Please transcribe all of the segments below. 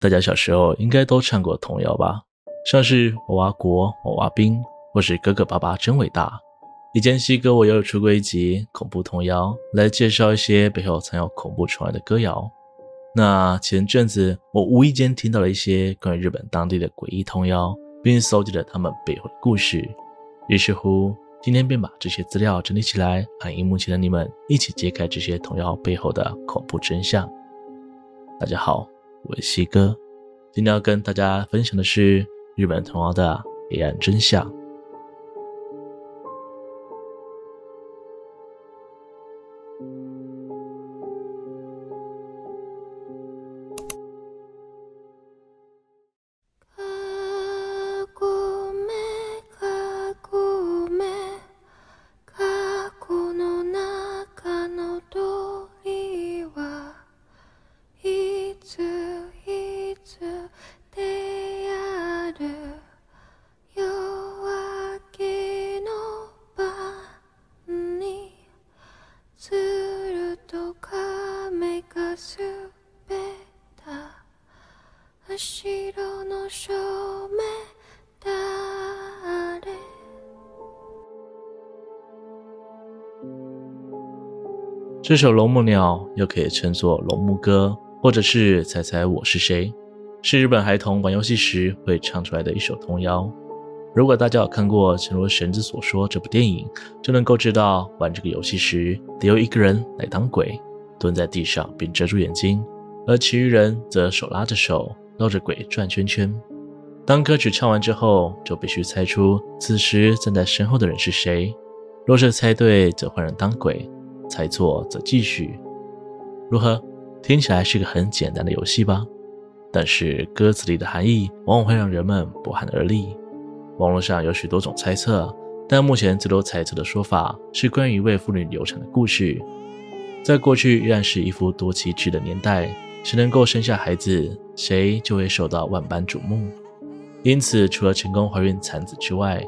大家小時候應該都唱過童謠吧，像是娃娃國，娃娃兵，或是哥哥爸爸真偉大。以前希哥，我也有出過一集恐怖童謠，來介紹一些背後藏有恐怖傳聞的歌謠。那前陣子我無意間聽到了一些關於日本當地的詭異童謠，並蒐集了他們背後的故事。於是乎，今天便把這些資料整理起來，和熒幕前的你們一起揭開這些童謠背後的恐怖真相。大家好。我是西哥，今天要跟大家分享的是日本童謠的黑暗真相。這首《籠目鳥》又可以稱作《籠目歌》，或者是“猜猜我是誰”，是日本孩童玩遊戲時會唱出來的一首童謠。如果大家有看過陳羅神子所說這部電影，就能夠知道玩這個遊戲時，得有一個人來當鬼，蹲在地上並遮住眼睛，而其餘人則手拉着手。繞着鬼轉圈圈。當歌曲唱完之後，就必須猜出此時站在身後的人是誰。若是猜對，則換人當鬼；猜錯，則繼續。如何？聽起來是個很簡單的遊戲吧？但是歌詞裡的含義往往會讓人們不寒而栗。網絡上有許多種猜測，但目前最多猜測的說法是關於一位婦女流產的故事。在過去，依然是一夫多妻制的年代。誰能夠生下孩子，誰就會受到萬般矚目。因此，除了成功懷孕產子之外，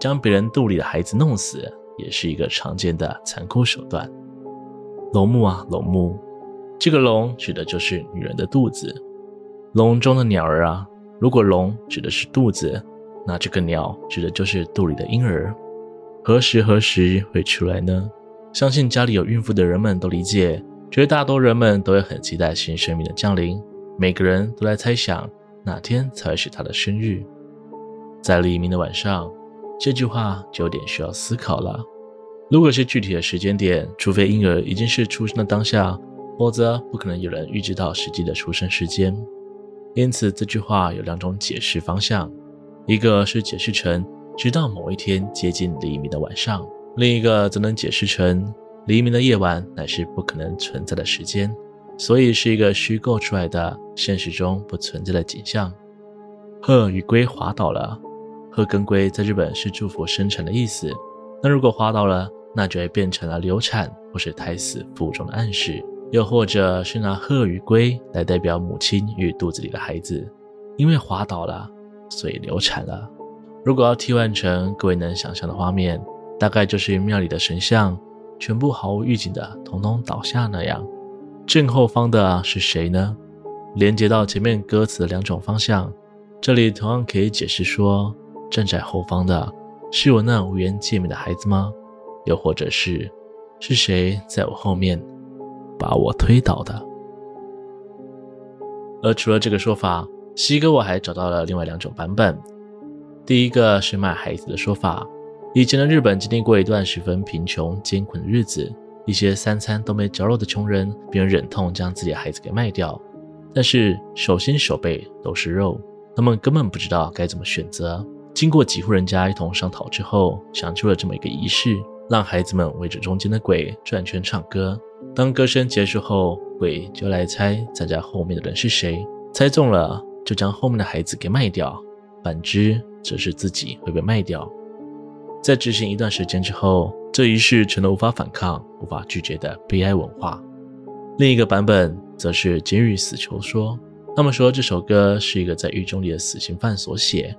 將別人肚裡的孩子弄死，也是一個常見的殘酷手段。籠目啊，籠目，這個籠指的就是女人的肚子，籠中的鳥兒啊。如果籠指的是肚子，那這個鳥指的就是肚裡的嬰兒。何時何時會出來呢？相信家裡有孕婦的人們都理解。絕大多數人們都會很期待新生命的降臨，每個人都在猜想哪天才會是他的生日。在黎明的晚上，這句話就有點需要思考了。如果是具體的時間點，除非嬰兒已經是出生的當下，否則不可能有人預知到實際的出生時間。因此，這句話有兩種解釋方向：一個是解釋成直到某一天接近黎明的晚上；另一個則能解釋成。黎明的夜晚乃是不可能存在的時間，所以是一個虛構出來的、現實中不存在的景象。鶴與龜滑倒了，鶴跟龜在日本是祝福生辰的意思。那如果滑倒了，那就會變成了流產或是胎死腹中的暗示，又或者是拿鶴與龜來代表母親與肚子裡的孩子，因為滑倒了，所以流產了。如果要替換成各位能想象的畫面，大概就是廟裡的神像。全部毫無預警的，統統倒下那樣，正後方的是誰呢？連接到前面歌詞的兩種方向，這裡同樣可以解釋說，站在後方的是我那無緣見面的孩子嗎？又或者是，是誰在我後面把我推倒的？而除了這個說法，西哥我還找到了另外兩種版本。第一個是賣孩子的說法。以前的日本經歷過一段十分貧窮艱苦的日子，一些三餐都沒着落的窮人，便忍痛將自己的孩子給賣掉。但是手心手背都是肉，他們根本不知道該怎麼選擇。經過幾戶人家一同商討之後，想出了這麼一個儀式：讓孩子們圍着中間的鬼轉圈唱歌。當歌聲結束後，鬼就來猜站在後面的人是誰。猜中了就將後面的孩子給賣掉，反之則是自己會被賣掉。在執行一段時間之後，這一事成了無法反抗、無法拒絕的悲哀文化。另一個版本則是監獄死囚說，他們說這首歌是一個在獄中裡的死刑犯所寫，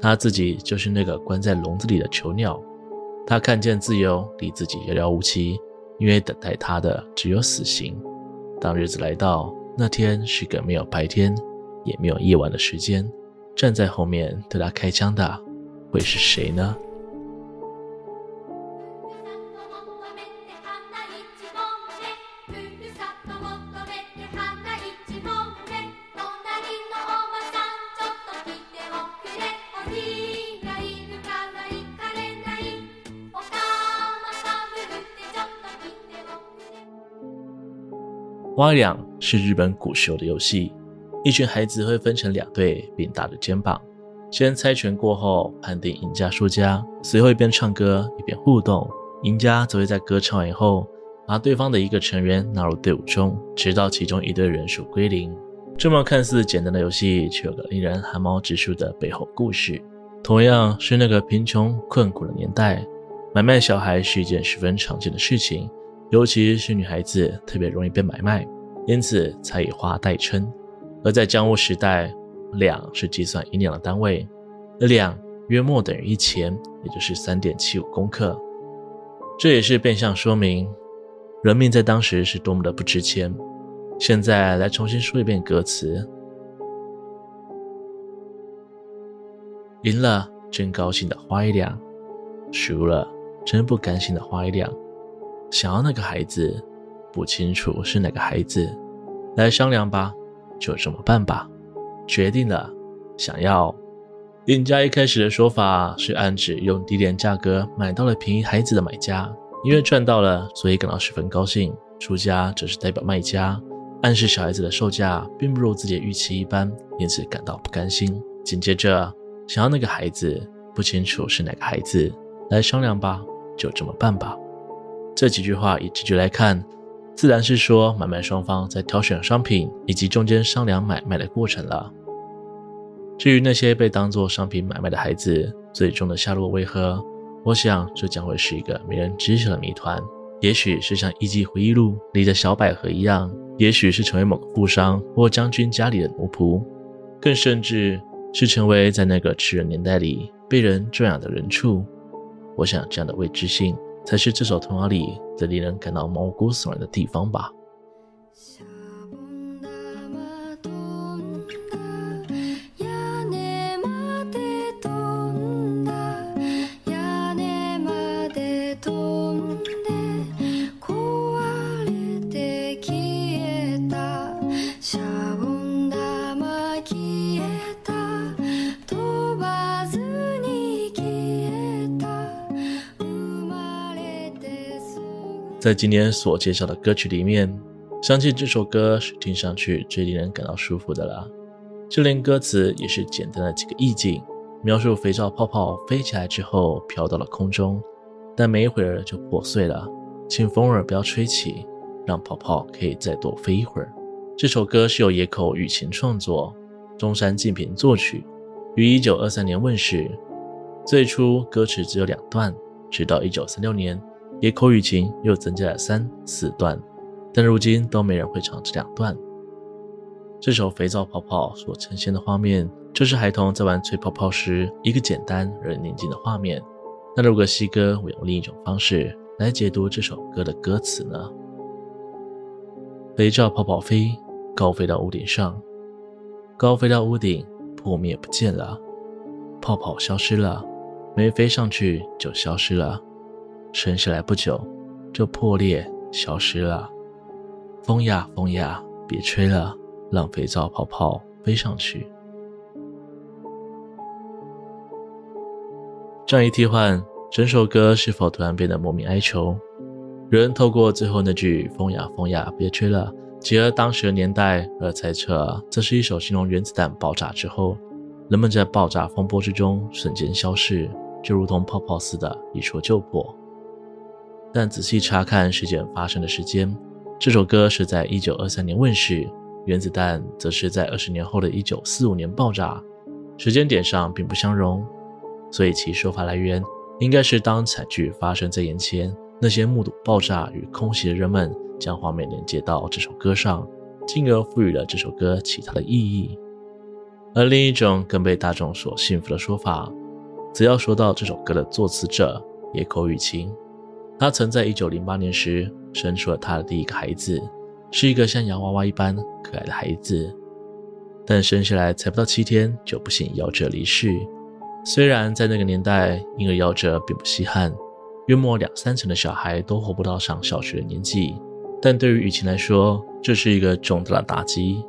他自己就是那個關在籠子裡的囚鳥，他看見自由離自己遙遙無期，因為等待他的只有死刑。當日子來到，那天是個沒有白天，也沒有夜晚的時間，站在後面對他開槍的，會是誰呢？花兩是日本古時候的遊戲，一群孩子會分成兩隊，並搭着肩膀，先猜拳過後判定贏家輸家，隨後一邊唱歌一邊互動，贏家則會在歌唱完以後把對方的一個成員納入隊伍中，直到其中一隊人數歸零。這麼看似簡單的遊戲，卻有個令人寒毛直豎的背後故事。同樣是那個貧窮困苦的年代，買賣小孩是一件十分常見的事情。尤其是女孩子特別容易被買賣，因此才以花代稱。而在江戶時代，兩是計算銀兩的單位，而兩約莫等於一錢，也就是三點七五公克。這也是變相說明，人命在當時是多麼的不值錢。現在來重新說一遍歌詞：贏了真高興的花一兩，輸了真不甘心的花一兩。想要那個孩子，不清楚是哪個孩子，來商量吧，就這麼辦吧。決定了，想要。贏家一開始的說法是暗指用低廉價格買到了便宜孩子的買家，因為賺到了，所以感到十分高興。輸家則是代表賣家，暗示小孩子的售價並不如自己的預期一般，因此感到不甘心。緊接着，想要那個孩子，不清楚是哪個孩子，來商量吧，就這麼辦吧。這幾句話，以直覺來看，自然是說買賣雙方在挑選商品以及中間商量買賣的過程了。至於那些被當作商品買賣的孩子最終的下落為何，我想這將會是一個沒人知曉的謎團。也許是像藝伎回憶錄裡的小百合一樣，也許是成為某個富商或將軍家裡的奴僕，更甚至是成為在那個吃人年代裡被人豢養的人畜。我想這樣的未知性。才是這首童謠裡最令人感到毛骨悚然的地方吧。在今天所介紹的歌曲裡面，相信這首歌是聽上去最令人感到舒服的了。就連歌詞也是簡單的幾個意境，描述肥皂泡泡飛起來之後飄到了空中，但沒一會兒就破碎了。請風兒不要吹起，讓泡泡可以再多飛一會兒。這首歌是由野口雨情創作，中山晉平作曲，於一九二三年問世。最初歌詞只有兩段，直到一九三六年。《野口雨情》又增加了三四段，但如今都沒人會唱這兩段。這首《肥皂泡泡》所呈現的畫面，就是孩童在玩吹泡泡時一個簡單而寧靜的畫面。那如果西哥我用另一種方式來解讀這首歌的歌詞呢？肥皂泡泡飛，高飛到屋頂上，高飛到屋頂，破滅不見了，泡泡消失了，沒飛上去就消失了。生下來不久，就破裂消失了。風呀，風呀，別吹了，讓肥皂泡泡飛上去。這樣一替換，整首歌是否突然變得莫名哀求？有人透過最後那句“風呀，風呀，別吹了”，結合當時的年代而猜測，這是一首形容原子彈爆炸之後，人們在爆炸風波之中瞬間消逝，就如同泡泡似的一，一戳就破。但仔細查看事件發生的時間，這首歌是在一九二三年問世，原子彈則是在二十年後的一九四五年爆炸，時間點上並不相容。所以其說法來源應該是當慘劇發生在眼前，那些目睹爆炸與空襲的人們將畫面連接到這首歌上，進而賦予了這首歌其他的意義。而另一種更被大眾所信服的說法，則要說到這首歌的作詞者野口雨情。他曾在一九零八年時生出了他的第一個孩子，是一個像洋娃娃一般可愛的孩子，但生下來才不到七天就不幸夭折離世。雖然在那個年代，嬰兒夭折並不稀罕，約莫兩三成的小孩都活不到上小學的年紀，但對於雨情來說，這是一個重大的打擊。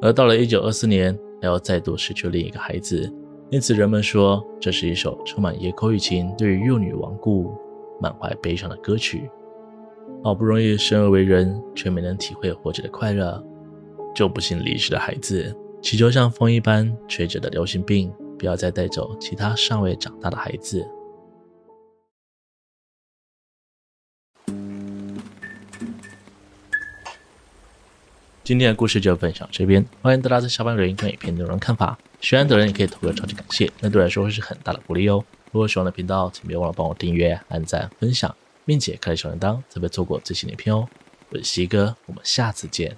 而到了一九二四年，還要再度失去另一個孩子，因此人們說這是一首充滿野口雨情對於幼女的頑固滿懷悲傷的歌曲，好不容易生而為人，卻沒能體會活着的快樂，就不幸離世的孩子，祈求像風一般吹着的流行病，不要再帶走其他尚未長大的孩子。今天的故事就分享這邊，歡迎大家在下方留言，對影片內容的看法。喜歡的人也可以投個超級感謝，那對我來說會是很大的鼓勵哦。如果喜歡的頻道，請別忘了幫我訂閱、按讚、分享，並且開啟小鈴鐺，才不會錯過最新影片哦！我是西哥，我們下次見。